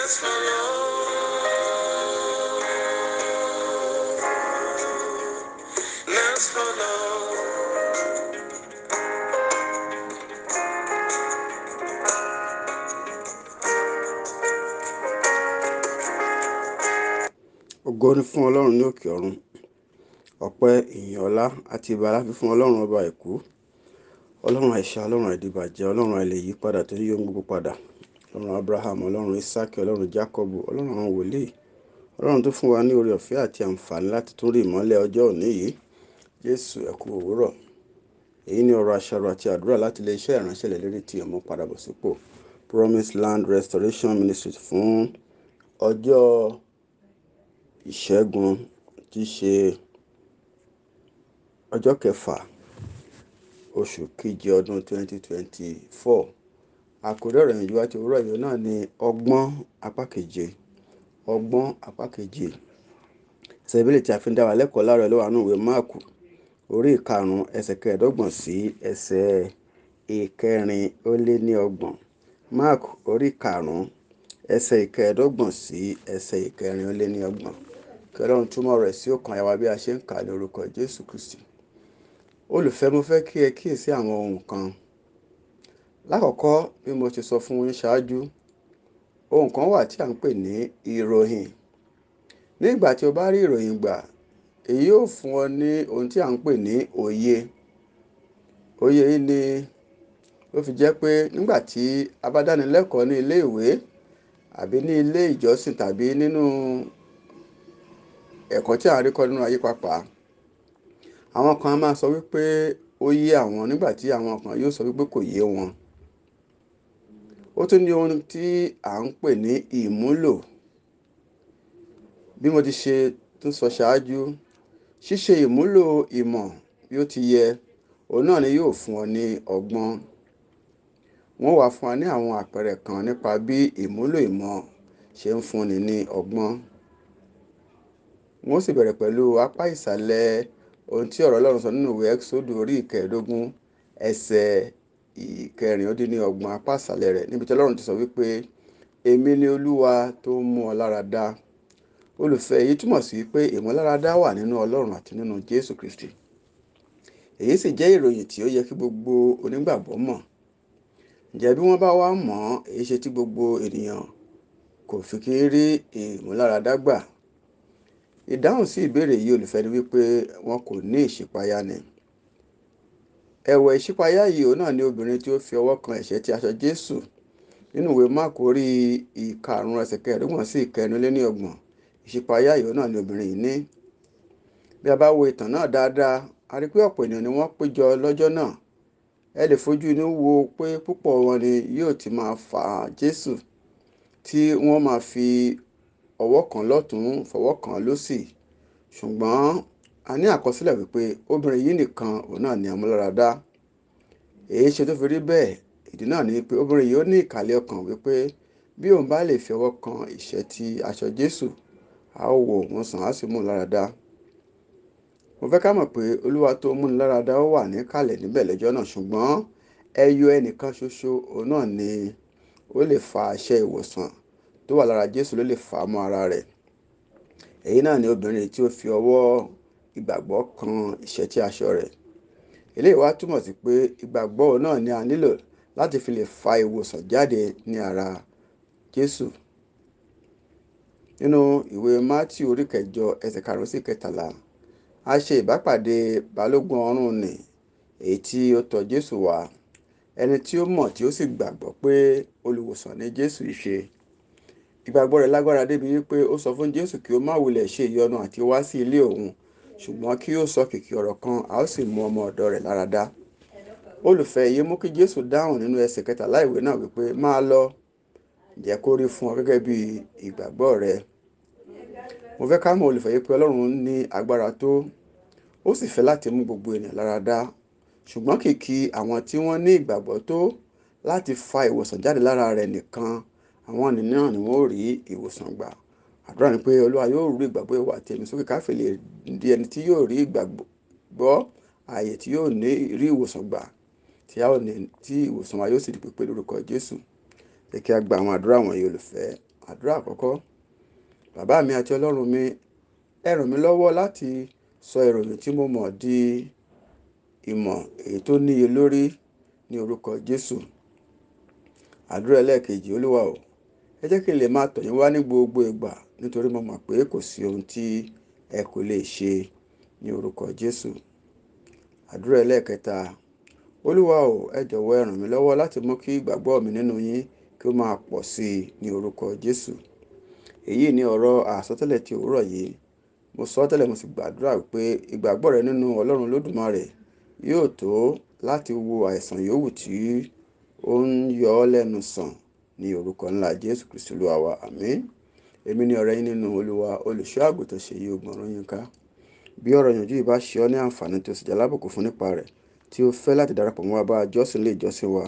ògo ni fún ọlọ́run ní òkè ọ̀run ọpẹ́ ìyìn ọlá àti ìbára fífún ọlọ́run ọba ẹ̀kú ọlọ́run àìṣà ọlọ́run àìdìbàjẹ́ ọlọ́run àìlèyípadà tó ń yí ohun gbogbo padà ọlọ́run abraham ọlọ́run isaac ọlọ́run jacob ọlọ́run àwọn wòlíì ọlọ́run tó fún wa ní oore ọ̀fẹ́ àti àǹfààní láti tún rí ìmọ́lẹ̀ ọjọ́ òní yìí jésù ẹ kú òwúrọ̀ èyí ni ọ̀rọ̀ àṣàrò àti àdúrà láti ilé iṣẹ́ ìránṣẹ́ lẹ́lẹ́rìí ti ọmọ promise land restoration ministry fún ọjọ́ ìṣẹ́gun tí ṣe ọjọ́ kẹfà oṣù keje ọdún 2024 àkórí ọ̀rọ̀ ìyànjú wa ti òwúrọ̀ yìí náà ni ọgbọ́n apá keje ọgbọ́n apá keje ẹsẹ̀ ìbílẹ̀ tí a fi ń dá wa lẹ́kọ̀ọ́ láàárọ̀ ló wà nínú ìwé máàkù orí ìkarùn-ún ẹsẹ̀ kẹẹ̀ẹ́dọ́gbọ̀n sí ẹsẹ̀ ìkẹrin ó lé ní ọgbọ̀n mark orí ìkarùn-ún ẹsẹ̀ ìkẹẹ̀ẹ́dọ́gbọ̀n sí ẹsẹ̀ ìkẹrin ó lé ní ọgbọ̀n kí ọlọ́run túmọ̀ rẹ̀ sí ọkàn àyàwó bí a ṣe ń kà lórúkọ jésù kristi olùfẹ́ mo fẹ́ kí ẹ kíyèsí àwọn ohun kan Lákọ̀ọ́kọ́ bí mo ti sọ fún yín ṣáájú, ohun kan wà tí à ń pè ní ìròyìn. Ní ìgbà tí o bá rí ìròyìn gbà, èyí yóò fún ọ ní ohun tí à ń pè ní òye. Òye yìí ni ó fi jẹ́ pé nígbà tí a bá dánilẹ́kọ̀ọ́ ní ilé ìwé àbí ní ilé ìjọsìn tàbí nínú ẹ̀kọ́ tí à ń rí kọ́ nínú ayé pàápàá, àwọn kan máa sọ wípé ó yé àwọn nígbà tí àwọn kan yóò sọ wípé kò yé wọn ó tún ní ohun tí à ń pè ní ìmúlò bí mo ti ṣe tún sọ ṣáájú ṣíṣe ìmúlò ìmọ̀ bí ó ti yẹ òun náà ni yóò fún ọ ní ọgbọ́n wọ́n wàá fún wa ní àwọn àpẹẹrẹ kan nípa bí ìmúlò ìmọ̀ ṣe ń fúnni ní ọgbọ́n wọ́n sì bẹ̀rẹ̀ pẹ̀lú apá ìsàlẹ̀ ohun tí ọ̀rọ̀ Ọlọ́run sọ nínú ìwé ẹ́ksódù orí ìkẹẹ̀ẹ́dógún ẹsẹ̀ ìkẹrin ó dín ní ọgbọ̀n apá àsàlẹ̀ rẹ̀ níbi tí ọlọ́run ti sọ wípé èmi ni olúwa tó ń mú ọ lára dá olùfẹ́ èyí túmọ̀ sí pé ìmọ̀láradá wà nínú ọlọ́run àti nínú jésù kristi èyí sì jẹ́ ìròyìn tí ó yẹ kí gbogbo onígbàgbọ́ mọ̀ ǹjẹ́ bí wọ́n bá wá mọ̀ ọ́ èyí ṣe tí gbogbo ènìyàn kò fi kí rí ìmúláradá gbà ìdáhùn sí ìbéèrè yìí olùfẹ́ ni wípé wọn kò ní ìṣípayá ni ẹ̀wẹ̀ ìṣípayá yìí òun náà ni obìnrin tí ó fi ọwọ́ kan ẹ̀ṣẹ́ ti aṣọ jésù nínú ìwé máàkù orí ìkarùn-ún ẹsẹ̀ kẹẹ̀ẹ́dọ́gbọ̀n sí ìkẹrìnléní ọgbọ̀n ìṣípayá yìí òun náà ni obìnrin yìí ní. bí a bá wo ìtàn náà dáadáa a rí pé ọ̀pọ̀ ènìyàn ni wọ́n péjọ lọ́jọ́ náà ẹ lè fojú inú wo pé púpọ̀ wọn ni yóò ti máa fà jésù tí wọ́n máa fi ọwọ́ kan lọ́tún fọwọ́ kan lósì ṣùgbọ́n a ní àkọsílẹ̀ wípé obìnrin yìí nìkan òun náà ni amúláradá èyí ṣe tó fi rí bẹ́ẹ̀ ìdí náà ni pé obìnrin yìí ó ní ìkàlẹ̀ ọkàn wípé bí òun bá lè fi ọwọ́ kan ìṣẹ́ ti aṣọ Jésù a ó wo òun sàn á sì mú un láradá mo fẹ́ ká mọ̀ pé olúwa tó múni láradá ó wà níkàlẹ̀ níbẹ̀ lẹ́jọ́ náà ṣùgbọ́n ẹyọ ẹnìkan ṣoṣo òun náà ni ó lè fa aṣẹ ìwòsàn tó wà lára Jésù ló lè fà mọ́ ara rẹ̀ èyí náà ni obìnrin tí ó fi ọwọ́ ìgbàgbọ́ kan ìṣẹ́tí aṣọ rẹ̀ eléyìí wá túmọ̀ sí pé ìgbàgbọ́ náà ni a nílò láti fi lè fa ìwòsàn jáde ní ara Jésù nínú ìwé Matthew orí kẹjọ ẹsẹ̀ karùn-ún sí kẹtàlá a ṣe ìbápàdé balógun ọ̀run nì èyí tí ó tọ̀ Jésù wá ẹni tí ó mọ̀ tí ó sì gbàgbọ́ pé olùwòsàn ni Jésù í ṣe ìgbàgbọ́ rẹ̀ lágbára débi wípé ó sọ fún Jésù kí ó má wulẹ̀ ṣe ìyọnu àti wá sí ilé òun ṣùgbọ́n kí ó sọ kìkì ọ̀rọ̀ kan a ó sì mú ọmọ ọ̀dọ̀ rẹ̀ lára dá olùfẹ́ èyí mú kí jésù dáhùn nínú ẹsẹ̀ kẹtàlá ìwé náà wípé máa lọ jẹ́ kó rí fún ọ gẹ́gẹ́ bí ìgbàgbọ́ rẹ mo fẹ́ ká mọ̀ olùfẹ́ yìí pé ọlọ́run ní agbára tó ó sì fẹ́ láti mú gbogbo ènìyàn lára dá ṣùgbọ́n kìkì àwọn tí wọ́n ní ìgbàgbọ́ tó láti fa ìwòsàn jáde lára rẹ̀ nìkan àwọn ènìyàn ni wọ́n rí ìwòsàn gbà àdúrà ni pé olúwa yóò rú ìgbàgbọ́ ìwà àti ẹ̀mí sókè káfí lè di ẹni tí yóò rí ìgbàgbọ́ ààyè tí yóò ní rí ìwòsàn gbà tí a ò ní tí ìwòsàn wa yóò sì di pípé lórúkọ jésù jẹ kí a gba àwọn àdúrà wọ̀nyí olùfẹ́ àdúrà àkọ́kọ́ bàbá mi àti ọlọ́run mi ẹ ràn mí lọ́wọ́ láti sọ ìròyìn tí mo mọ̀ di ìmọ̀ èyí tó níye lórí ní orúkọ jésù àdúrà ẹlẹ́ẹ̀kejì olúwa o ẹ jẹ́ kí n lè máa tọ̀ wá ní gbogbo ìgbà nítorí mo mọ̀ pé kò sí ohun tí ẹ kò lè ṣe ní orúkọ jésù àdúrà ẹlẹ́ẹ̀kẹta olúwa ò ẹ jọ̀wọ́ ẹ ràn mí lọ́wọ́ láti mú kí ìgbàgbọ́ mi nínú yín kí ó máa pọ̀ sí i ní orúkọ jésù èyí ni ọ̀rọ̀ àsọtẹ́lẹ̀ ti òwúrọ̀ yìí mo sọ tẹ́lẹ̀ mo sì gbàdúrà pé ìgbàgbọ́ rẹ nínú ọlọ́run lódùmarè yóò tó láti wo àìsàn yòówù tí ó ń yọ ọ́ lẹ́nu sàn ní orúkọ ńlá jésù kristu lóàwá àmín èmi ni ọ̀rẹ́ yín nínú olúwa olùṣọ́ àgùntàn ṣèyí ògbọ̀nrún yín ká bí ọ̀rọ̀ yànjú yìí bá ṣe ọ́ ní àǹfààní tí o sì jalábùkù fún nípa rẹ̀ tí o fẹ́ láti darapọ̀ mọ́ wa bá jọ́sìn ilé ìjọsìn wa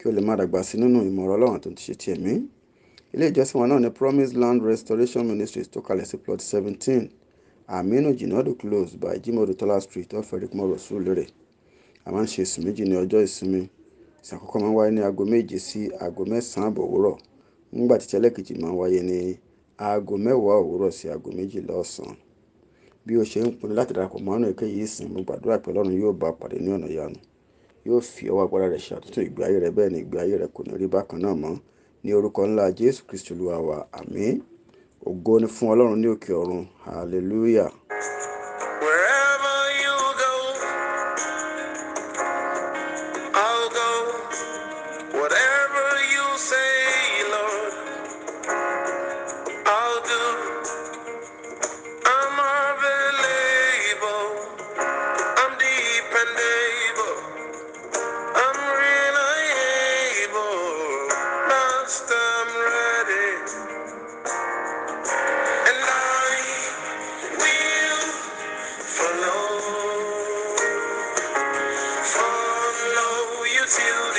kí o lè má dàgbà sí nínú ìmọ̀ràn ọlọ́run tó ti ṣe ti ẹ̀mí ilé ìjọsìn wa náà ni promise land restoration ministries tó kalẹ̀ sí plot seventeen aminu jinadu close by jimodu tola street off eric moro a máa ń ṣe ìsìn méjì ní ọjọ́ ìsinmi ìsìn máa ń wáyé ní aago méje sí aago mẹ́sàn-án àbọ̀ òwúrọ̀ nígbà títí ẹlẹ́kejì máa ń wáyé ní aago mẹ́wàá òwúrọ̀ sí aago méjìlá ọ̀sán bí o ṣe ń pinnu láti darapọ̀ mọ́ àánú èkéyìí ìsìn mo gbàdúrà pé ọlọ́run yóò bá pàdé ní ọ̀nà ìyanu yóò fi ọwọ́ agbára rẹ̀ ṣàtúntò ìgbé ayé rẹ bẹ́ẹ̀ ni ìgbé ayé rẹ kò ní rí bákan náà mọ́ ní orúkọ ńlá jésù kristu olúwa wa àmín ògo ni fún ọlọ́run ní òkè ọ̀run hallelujah. till